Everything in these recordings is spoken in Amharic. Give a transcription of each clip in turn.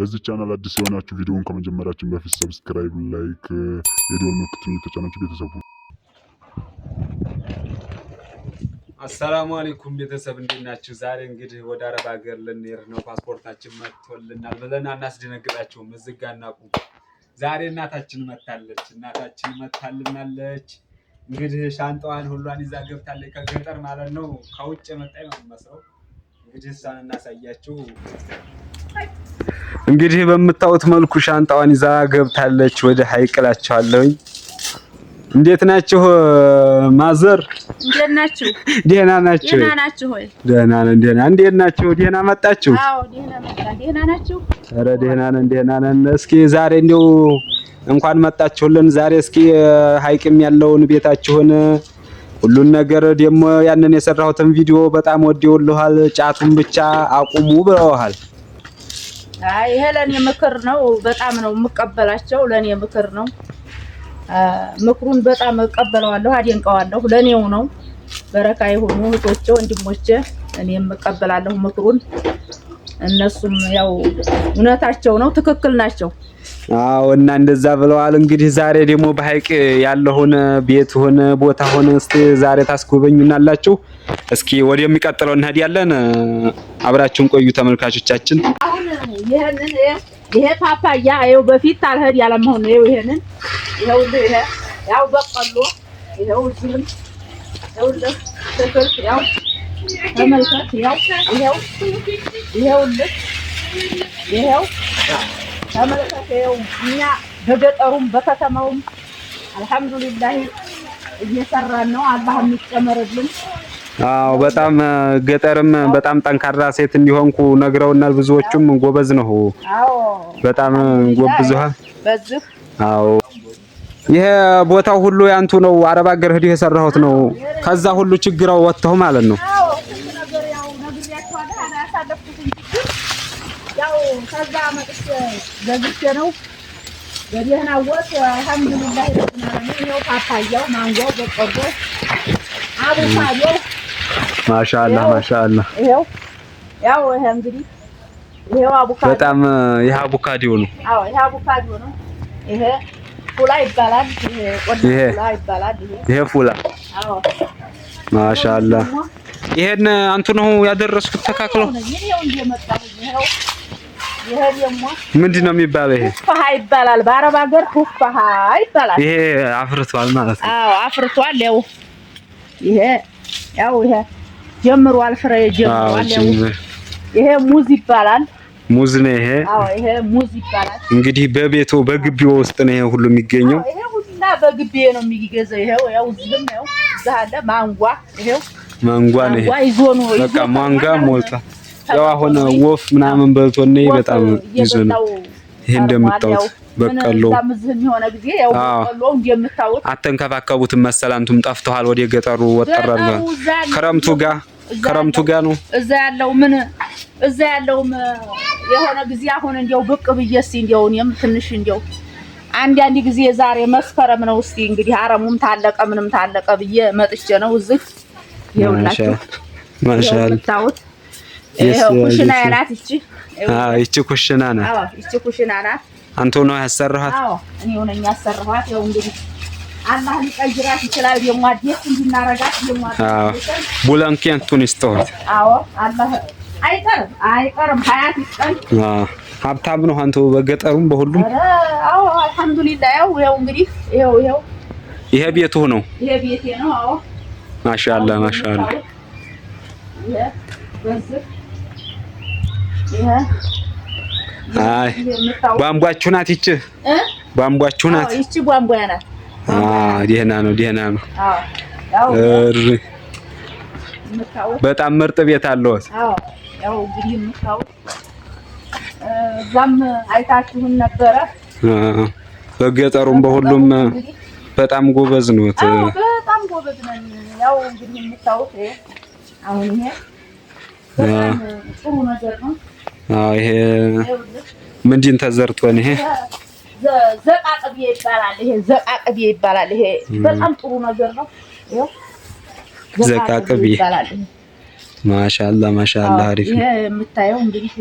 ለዚህ ቻናል አዲስ የሆናችሁ ቪዲዮውን ከመጀመራችን በፊት ሰብስክራይብ፣ ላይክ፣ የደወል ምልክቱን የተጫናችሁ ቤተሰቡ አሰላሙ አለይኩም ቤተሰብ እንዴት ናችሁ? ዛሬ እንግዲህ ወደ አረብ ሀገር ልንሄድ ነው። ፓስፖርታችን መጥቶልናል ብለን አናስደነግጣቸውም። እዚህ ጋ እናቁ። ዛሬ እናታችን መታለች፣ እናታችን መታልናለች። እንግዲህ ሻንጣዋን ሁሏን ይዛ ገብታለች፣ ከገጠር ማለት ነው። ከውጭ መጣ ነው መስለው። እንግዲህ እሷን እናሳያችሁ። እንግዲህ በምታዩት መልኩ ሻንጣዋን ይዛ ገብታለች ወደ ሀይቅ እላችኋለሁኝ። እንዴት ናችሁ ማዘር? እንዴት ናችሁ? ደህና ናችሁ? ደህና ናችሁ ደህና ነን። እንዴት ናችሁ? ደህና መጣችሁ? አዎ ደህና መጣ። ናችሁ? ነን፣ ደህና ነን። እስኪ ዛሬ እንደው እንኳን መጣችሁልን። ዛሬ እስኪ ሀይቅም ያለውን ቤታችሁን ሁሉን ነገር ደግሞ ያንን የሰራሁትን ቪዲዮ በጣም ወደውልሃል። ጫቱን ብቻ አቁሙ ብለውሃል። ይሄ ለእኔ ምክር ነው። በጣም ነው የምቀበላቸው። ለእኔ ምክር ነው። ምክሩን በጣም እቀበለዋለሁ፣ አደንቀዋለሁ። ለእኔው ነው በረካ የሆኑ እህቶቼ፣ ወንድሞቼ እኔ እቀበላለሁ ምክሩን። እነሱም ያው እውነታቸው ነው፣ ትክክል ናቸው። አዎ እና እንደዛ ብለዋል። እንግዲህ ዛሬ ደግሞ በሐይቅ ያለውን ቤት ሆነ ቦታ ሆነ እስቲ ዛሬ ታስጎበኙናላችሁ። እስኪ ወደሚቀጥለው እንሄዳለን። አብራችሁን ቆዩ ተመልካቾቻችን። ይሄንን ይሄ ፓፓያ ይኸው በፊት ታልሄድ ያለመሆን ነው። ይሄንን ይኸው ይሄ ያው ይኸው እዚህም ያው ተመልከት ያው ይኸው ይኸው ይኸው ተመልከት ይኸው እኛ በገጠሩም በከተማውም አልሐምዱሊላህ እየሰራን ነው። አላህ የሚጨመርልን አዎ በጣም ገጠርም በጣም ጠንካራ ሴት እንዲሆንኩ ነግረውናል። ብዙዎቹም ጎበዝ ነው። አዎ በጣም ጎብዘሃል። አዎ ይሄ ቦታው ሁሉ ያንቱ ነው። አረብ አገር ሄደህ የሰራሁት ነው። ከዛ ሁሉ ችግራው ወጥተው ማለት ነው። በደህና ወጥ አልሐምዱሊላህ ይኸው ነው ማሻአላ ማሻአላ። ይሄው ያው ይሄ እንግዲህ ይሄው አቡካዶ በጣም ይሄ አቡካዶ ነው። አዎ ይሄ አቡካዶ ነው። ይሄ ፉላ ይባላል። ይሄ ቆዳ ፉላ ይባላል። ይሄ ፉላ አዎ ማሻአላ። ይሄን አንተ ነው ያደረስኩት ተካክሎ። ምንድን ነው የሚባለው? ይሄ ፉፋሃ ይባላል። በአረብ ሀገር ፉፋሃ ይባላል። ይሄ አፍርቷል ማለት ነው። አዎ አፍርቷል። ያው ይሄ ያው ይሄ ጀምሯል፣ ፍሬ ጀምሯል። ይሄ ሙዝ ይባላል። ሙዝ ነው ይሄ። አዎ ይሄ ሙዝ ይባላል። እንግዲህ በቤቱ በግቢው ውስጥ ነው ይሄ ሁሉ የሚገኘው። ይሄ ሁሉና በግቢ ነው የሚገዘው። ይሄው ያው ዝም ነው ዛለ ማንጓ ይሄው ማንጓ ነው ይሄ ይዞ ነው በቃ ማንጓ ሞልታ ያው አሁን ወፍ ምናምን በልቶ ነው በጣም ይዞ ነው ይሄ እንደምታዩት በቀሎ አተንከባከቡትም መሰል አንቱም ጠፍተዋል። ወደ ገጠሩ ወጠራል ክረምቱ ጋር ከረምቱ ጋር ነው እዛ ያለው ምን እዛ ያለውም የሆነ ጊዜ አሁን እንዲያው ብቅ ብዬ እስኪ እንዲያው እኔም ትንሽ እንዲያው አንድ አንድ ጊዜ ዛሬ መስከረም ነው። እስቲ እንግዲህ አረሙም ታለቀ ምንም ታለቀ ብዬ መጥቼ ነው እዚህ ይኸውላችሁ። ማሻአላ ታውት ይሄው ኩሽና ያላት እቺ አዎ፣ እቺ ኩሽና ናት። አዎ፣ እቺ ኩሽና ናት። አንተ ነው ያሰራሃት? አዎ፣ እኔው ነኝ ያሰራሃት። ይኸው እንግዲህ አላህ ሊቀይራት ይችላል። ደግሞ አዲስ እንድናረጋት ደግሞ ቡላንኪያን ቱኒስ አዎ አላህ አይቀርም አይቀርም፣ ሀያት ይስጠን። ሀብታም ነው አንተ በገጠሩም በሁሉም። አዎ አልሐምዱሊላህ። ያው ያው እንግዲህ ይሄው ይሄው ይሄ ቤቱ ነው፣ ይሄ ቤቴ ነው። አዎ ማሻአላ ማሻአላ። አይ ቧንቧችሁ ናት ይቺ፣ ቧንቧችሁ ናት ይቺ፣ ቧንቧ ናት ደህና ነው፣ ደህና ነው። በጣም ምርጥ ቤት አለዎት። ያው እንግዲህ የምታውቁ እዛም አይታችሁን ነበረ። በገጠሩም በሁሉም በጣም ጎበዝ ነዎት። በጣም ጎበዝ ነን። ያው እንግዲህ የምታውቁ አሁን ይሄ ጥሩ ነገር ነው። ይሄ ምንድን ተዘርቶን ይሄ ዘቃቅቤ ይባላል። ይሄ ዘቃ ይባላል። ይሄ በጣም ጥሩ ነገር ነው። ዘቃ ቅቤ ይባላል። ማሻአላ ማሻአላ፣ አሪፍ ነው። ይሄ የምታየው እንግዲህ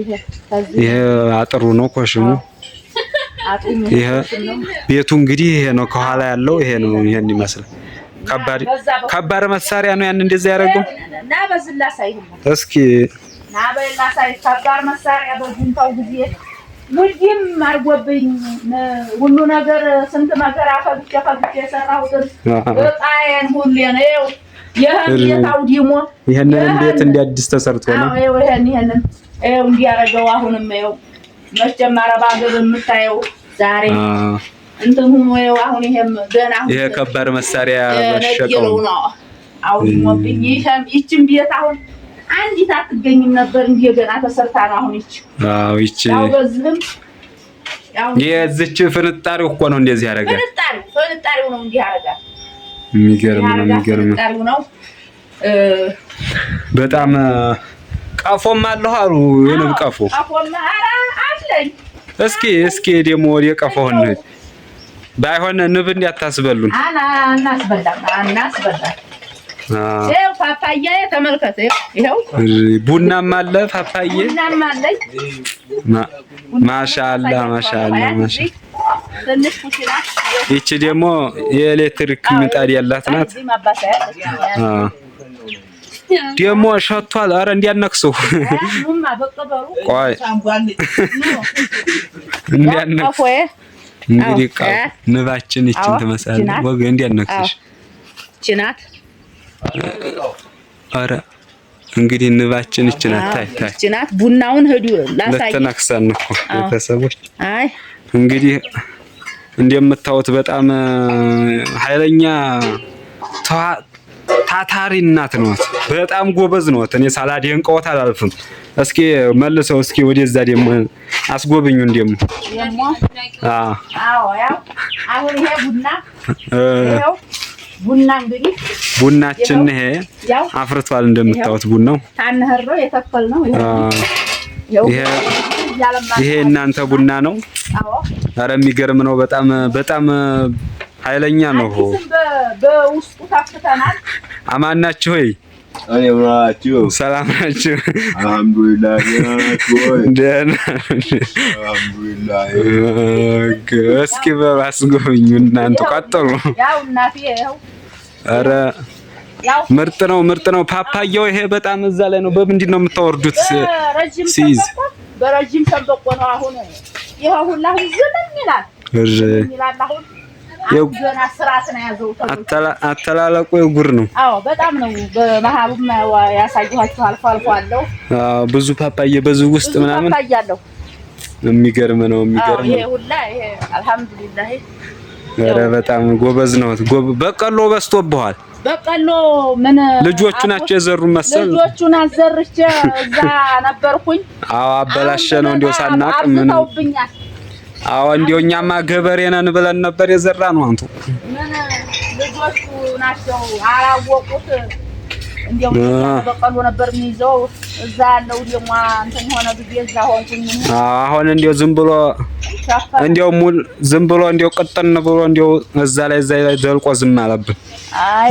ይሄ አጥሩ ነው ኮሽሙ ቤቱ እንግዲህ ይሄ ነው። ከኋላ ያለው ይሄ ነው። ይሄን ይመስላል። ከባድ ከባድ መሳሪያ ነው ያን እንደዛ ያደረገው። እስኪ ናበላ ሳይ ከባድ መሳሪያ በጁንታው ጊዜ ውልዲም አድርጎብኝ ሁሉ ነገር ስንት መከራ ፈግቼ ፈግቼ የሰራሁትን ነው ቤት ተሰርቶ ነው። ይህን ይህንን ይኸው እንዲያረገው አሁንም ይኸው የምታየው ዛሬ እንትን ሁኖ ይኸው አሁን ይሄም ገና ይሄ ከባድ መሳሪያ መሸቀው ነው አሁን ሞብኝ ቤት አሁን አንዲት አትገኝም ነበር። እንደገና ተሰርታ ነው አሁን ይቺ። አዎ ይቺ የዚች ፍንጣሪው እኮ ነው እንደዚህ ያደርጋል። ፍንጣሪው ፍንጣሪው ነው እንዲህ ያደርጋል። የሚገርም ነው የሚገርም ነው። በጣም ቀፎም አለሁ አሉ የንብ ቀፎ አለኝ። እስኪ እስኪ ደግሞ ወደ ቀፎው እንሂድ። ባይሆን ንብ እንዳታስበሉን። አና እናስበላ አና ፓፓያ ተመልከተ። ይኸው ቡናም አለ ፓፓዬ ቡናም አለ። ማሻአላ ማሻአላ ማሻአላ። ይቺ ደግሞ የኤሌክትሪክ ምጣድ ያላት ናት። ደግሞ ሸቷል። አረ እንዲያነክሱ ቆይ እንዲያነክሱ እንግዲህ ንባችን ይችን ትመስላለች ችናት አረ እንግዲህ ንባችን እች ናት። ታይ ታይ እች ናት። ቡናውን ሂዱ ላሳይ። ለተናክሳን እኮ ቤተሰቦች። አይ እንግዲህ እንደምታዩት በጣም ኃይለኛ ታታሪ እናት ነዎት። በጣም ጎበዝ ነዎት። እኔ ሳላደንቅዎት አላልፍም። እስኪ መልሰው እስኪ ወደዛ ደግሞ አስጎብኙ። እንደም አዎ፣ ያው አሁን ይሄ ቡና ቡና እንግዲህ ቡናችን ይሄ አፍርቷል። እንደምታዩት ቡናው ታነህሮ የተፈል ነው። ይሄ ይሄ እናንተ ቡና ነው። አረ የሚገርም ነው። በጣም በጣም ኃይለኛ ነው። ሆ በውስጡ ታፍተናል። አማናችሁ ሆይ ወይ? ሰላም ናችሁ? አልሐምዱሊላህ ደህና። አልሐምዱሊላህ እስኪ በባስጎብኙ እናንተ ቀጥሉ። ያው እናቴ ኧረ ምርጥ ነው ምርጥ ነው ፓፓያው። ይሄ በጣም እዛ ላይ ነው። በምንድን ነው የምታወርዱት? ሲይዝ በረጅም ሸምበቆ ነው። አሁን ይሄ ሁላ ዝም ይላል። አተላለቁ የጉር ነው። አዎ በጣም ነው። በመሀሉም አልፎ አልፎ አለው። አዎ ብዙ ፓፓዬ በዙ ውስጥ ምናምን የሚገርም ነው የሚገርም ነው። ይሄ ሁላ ይሄ አልሐምዱሊላህ ኧረ በጣም ጎበዝ ነው። በቀሎ በዝቶብሃል። በቀሎ ምን ልጆቹ ናቸው የዘሩ መሰል ልጆቹን አዘርቼ እዛ ነበርኩኝ። አዎ አበላሸ ነው እንዲያው ሳናቅ ምን አዎ እንዲያው እኛማ ገበሬ ነን ብለን ነበር የዘራ ነው አንቱ ምን ልጆቹ ናቸው አላወቁት እንዲያው በቀሎ ነበር የሚይዘው እዛ ያለው ደግሞ እንትን ሆነ እዛ ሆንኩኝ። አሁን ዝም ብሎ እንዲያው ሙል ዝም ብሎ እንዲያው ቅጥን ብሎ እንዲያው እዛ ላይ እዛ ላይ ዘልቆ ዝም አለብን።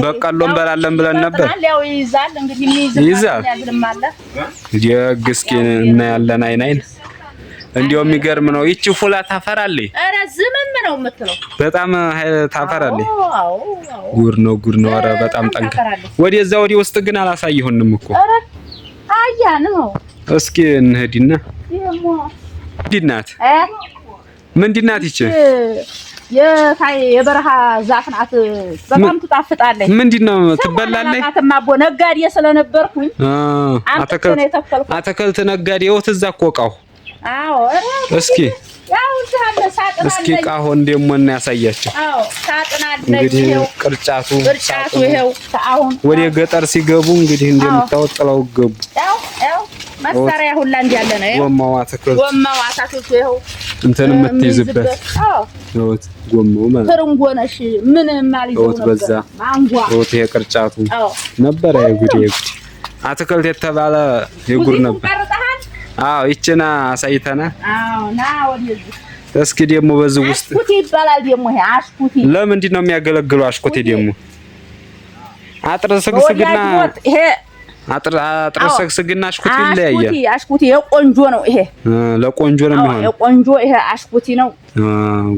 በቀሎ እንበላለን ብለን ነበር። ያው ይይዛል እንግዲህ ይይዛል። የግስኪን እናያለን አይን አይን እንዲሁ የሚገርም ነው። ይቺ ፉላ ታፈራለች። ኧረ ዝምም ነው የምትለው። በጣም ኃይል ታፈራለች። ጉር ነው ጉር ነው። ኧረ በጣም ጠንካ። ወደዛ ወደ ውስጥ ግን አላሳየሁንም እኮ ኧረ አያ ነው። እስኪ እንሂድና ምንድን ናት? ምንድን ናት ይቺ? የበረሃ ዛፍ ናት። በጣም ትጣፍጣለች። ምንድን ነው ትበላለች? አትማቦ ነጋዴ ስለነበርኩኝ አትክልት ነጋዴ ወት እኮ እቃው አዎ እስኪ እስኪ ቃሆን ደግሞ እና ያሳያቸው። እንግዲህ ቅርጫቱ ቅርጫቱ ይሄው ወደ ገጠር ሲገቡ እንግዲህ እንደምታወጥ ጥለው ገቡ። መሳሪያ ሁላ ያለ ነው። ጎማው አትክልት ጎማው አትክልት ይሄው እንትን የምትይዝበት ወት ጎመው ማለት ትርንጎ ነሽ ምን ማለት በዛ ህይወት ይሄ ቅርጫቱ ነበረ። የጉድ የጉድ አትክልት የተባለ የጉድ ነበር። አዎ ይችና አሳይተና አዎ ና ወዲህ እስኪ ደግሞ በዚህ ውስጥ አሽኩቴ ይባላል። ደግሞ ይሄ አሽኩቲ። ለምንድን ነው የሚያገለግሉ አሽኩቲ ደግሞ አጥር ስግስግና ይሄ አጥር አጥር ስግስግና አሽኩቲ ይለያያል። አሽኩቴ የቆንጆ ነው። ይሄ ለቆንጆ ነው የሚሆነው። የቆንጆ ይሄ አሽኩቲ ነው።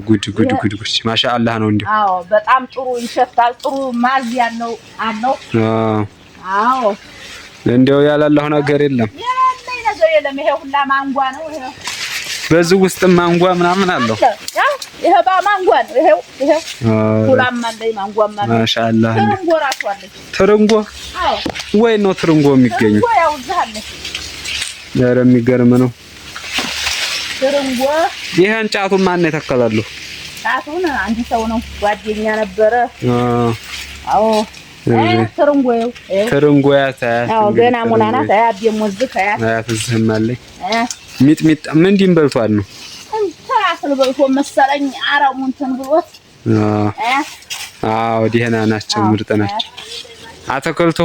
ጉድ ጉድ ጉድ ጉድ ማሻአላህ ነው እንዴ! አዎ በጣም ጥሩ ይሸፍታል። ጥሩ ማዝ ያለው አለው። አዎ አዎ እንዲያው ያላለው ነገር የለም። ነገር የለም። ይሄ ሁላ ማንጓ ነው። በዚህ ውስጥ ማንጓ ምናምን አለው። ይሄ ባ ማንጓ ነው። ይሄው ይሄው ሁላም አለኝ ማንጓም አለኝ። ማሻአላህ ትርንጎ ራሱ አለኝ። ትርንጎ አዎ፣ ወይ ነው ትርንጎ የሚገኘው ያው እዛ አለ። ኧረ የሚገርም ነው ትርንጎ። ይሄን ጫቱን ማን ነው ጫቱን አንድ ሰው ነው ጓደኛ ነበረ። አዎ ትርንጎ ገና ሙና ናት። አያት የሞዝክ አያት እዚህም አለኝ ሚጥሚጣ ምንድን በልቷል ነው ተራስል በልቶ መሰለኝ አረሙ እንትን ብሎት። አዎ ደህና ናቸው፣ ምርጥ ናቸው።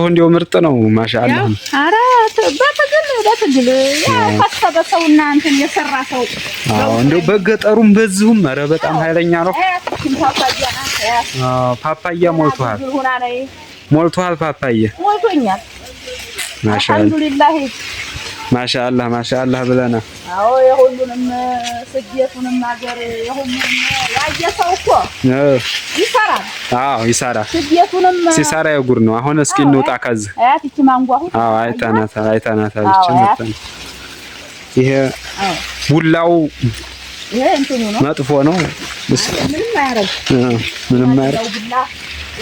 እንዲያው ምርጥ ነው። ማሻአላ አረ በትግል በትግል ያፈሰበ ሰው እና እንትን የሰራ ሰው አዎ፣ እንዲያው በገጠሩም በዚሁም አረ በጣም ኃይለኛ ነው። ፓፓያ ሞልቷል። ሞልቷል ፓፓዬ? ሞልቶኛል። ማሻአላህ ማሻአላህ ማሻአላህ ብለና። አዎ የሁሉንም ስደቱንም ሀገር የሁሉንም ያየ ሰው እኮ ይሰራል። አዎ ይሰራል። ሲሰራ የጉር ነው። አሁን እስኪ እንውጣ ከዚህ አያት። እቺ ማንጓሁ አዎ ይሄ ቡላው ይሄ እንትኑ ነው፣ መጥፎ ነው። ምንም አያረግ ምንም አያረግ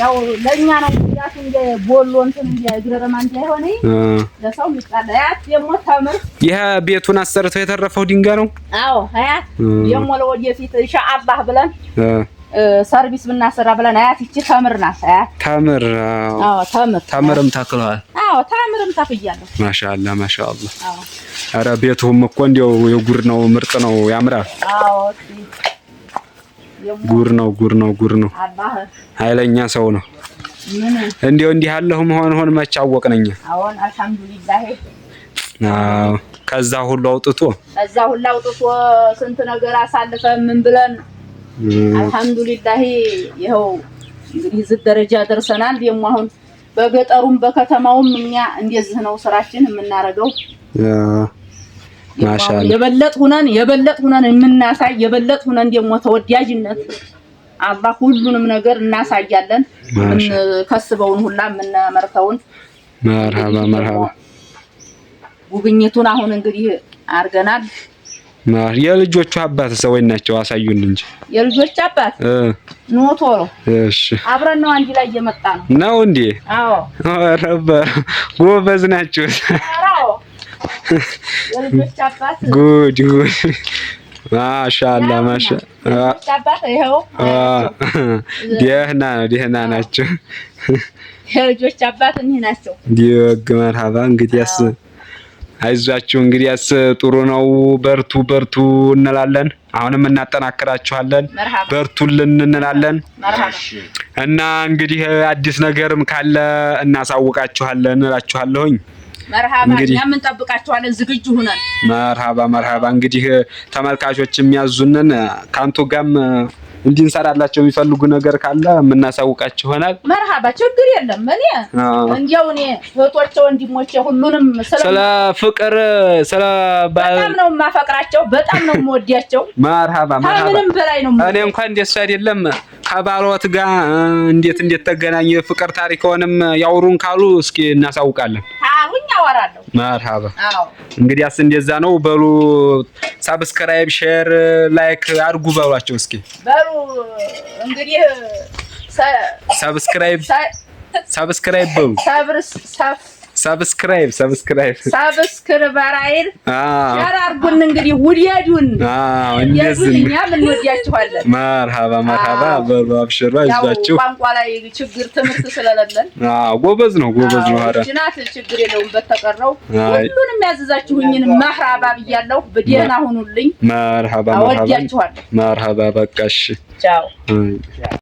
ያው ለእኛ ነው ጉዳት እንደ ቦሎ እንትን እንደ ግረረማን ሳይሆን ለሰው ይጣላ። አያት ደግሞ ተምር ይሄ ቤቱን አሰርተው የተረፈው ድንጋይ ነው። አዎ አያት ደግሞ ለወደፊት ኢንሻአላህ ብለን ሰርቪስ ብናሰራ ብለን አያት እቺ ተምር ናት። አያት ተምር አዎ ተምር ተምርም ተክለዋል። አዎ ተምርም ተክያለሁ። ማሻአላህ ማሻአላህ። አዎ ቤቱም እኮ እንደው የጉር ነው፣ ምርጥ ነው፣ ያምራል። አዎ ጉር ነው ጉር ነው ጉር ነው። ኃይለኛ ሰው ነው። እንዲው እንዲህ ያለሁ መሆን ሆን መቻወቅ ነኝ። አሁን አልሐምዱሊላህ። አዎ ከዛ ሁሉ አውጥቶ ከዛ ሁሉ አውጥቶ ስንት ነገር አሳልፈ ምን ብለን አልሐምዱሊላህ ይኸው እንግዲህ እዚህ ደረጃ ደርሰናል። ደግሞ አሁን በገጠሩም በከተማውም እኛ እንደዚህ ነው ስራችን የምናረገው። ማሻአላ የበለጥ ሁነን የበለጥ ሁነን የምናሳይ የበለጥ ሁነን ደግሞ ተወዳጅነት አላህ ሁሉንም ነገር እናሳያለን። ከስበውን ሁላ የምናመርተውን መርሃባ መርሃባ። ጉብኝቱን አሁን እንግዲህ አድርገናል። የልጆቹ አባት ሰዎች ናቸው፣ አሳዩን እንጂ የልጆች አባት ኑ ቶሎ። እሺ አብረን ነው አንድ ላይ እየመጣ ነው ነው እንዴ? አዎ። ኧረ በ- ጎበዝ ናቸው። ጉድ ጉድ! ማሻአላ ማሻ ደህና ነው፣ ደህና ናቸው። የልጆች አባት እኒህ ናቸው። ዲወግ መርሃባ። እንግዲያስ አይዟችሁ፣ እንግዲያስ ጥሩ ነው። በርቱ በርቱ እንላለን። አሁንም እናጠናክራችኋለን። በርቱልን እንላለን። እና እንግዲህ አዲስ ነገርም ካለ እናሳውቃችኋለን እላችኋለሁኝ። መርሃባ እኛም እንጠብቃቸዋለን። ዝግጁ ሁነን መርሃባ መርሃባ። እንግዲህ ተመልካቾች የሚያዙንን ከአንቱ ጋም እንዲንሰራላቸው የሚፈልጉ ነገር ካለ የምናሳውቃቸው ይሆናል። መርሃባ፣ ችግር የለም። እኔ እንዲያው እኔ እህቶቼ፣ ወንድሞቼ ሁሉንም ስለ ፍቅር ስለ በጣም ነው የማፈቅራቸው፣ በጣም ነው የምወዳቸው። መርሃባ መርሃባ። ምንም በላይ ነው። እኔ እንኳን ደስ አይደለም ከባሎት ጋር እንዴት እንዴት ተገናኘ? ፍቅር ታሪክንም ያውሩን ካሉ እስኪ እናሳውቃለን። አሁን ያወራለሁ። መርሃባ። እንግዲያስ እንደዛ ነው። በሉ ሳብስክራይብ፣ ሼር፣ ላይክ አድርጉ በሏቸው እስኪ በሉ እንግዲህ ሳብስክራይብ ሳብስክራይብ በሉ ሰብስክራይብ ሰብስክራይብ ሰብስክራይብ ያራርጉን እንግዲህ ውዲያዱን። አዎ እንደዚህ እኛም እንወዳችኋለን። መርሃባ መርሃባ በሉ አብሽሩ፣ አይዟችሁ። ቋንቋ ላይ ችግር ትምህርት ስለሌለን ጎበዝ ነው ጎበዝ ነው። ኧረ ጅናት ችግር የለውም። በተቀረው ሁሉንም ያዘዛችሁኝን መርሃባ ብያለሁ። በደህና ሁኑልኝ። መርሃባ መርሃባ መርሃባ። በቃ እሺ፣ ቻው።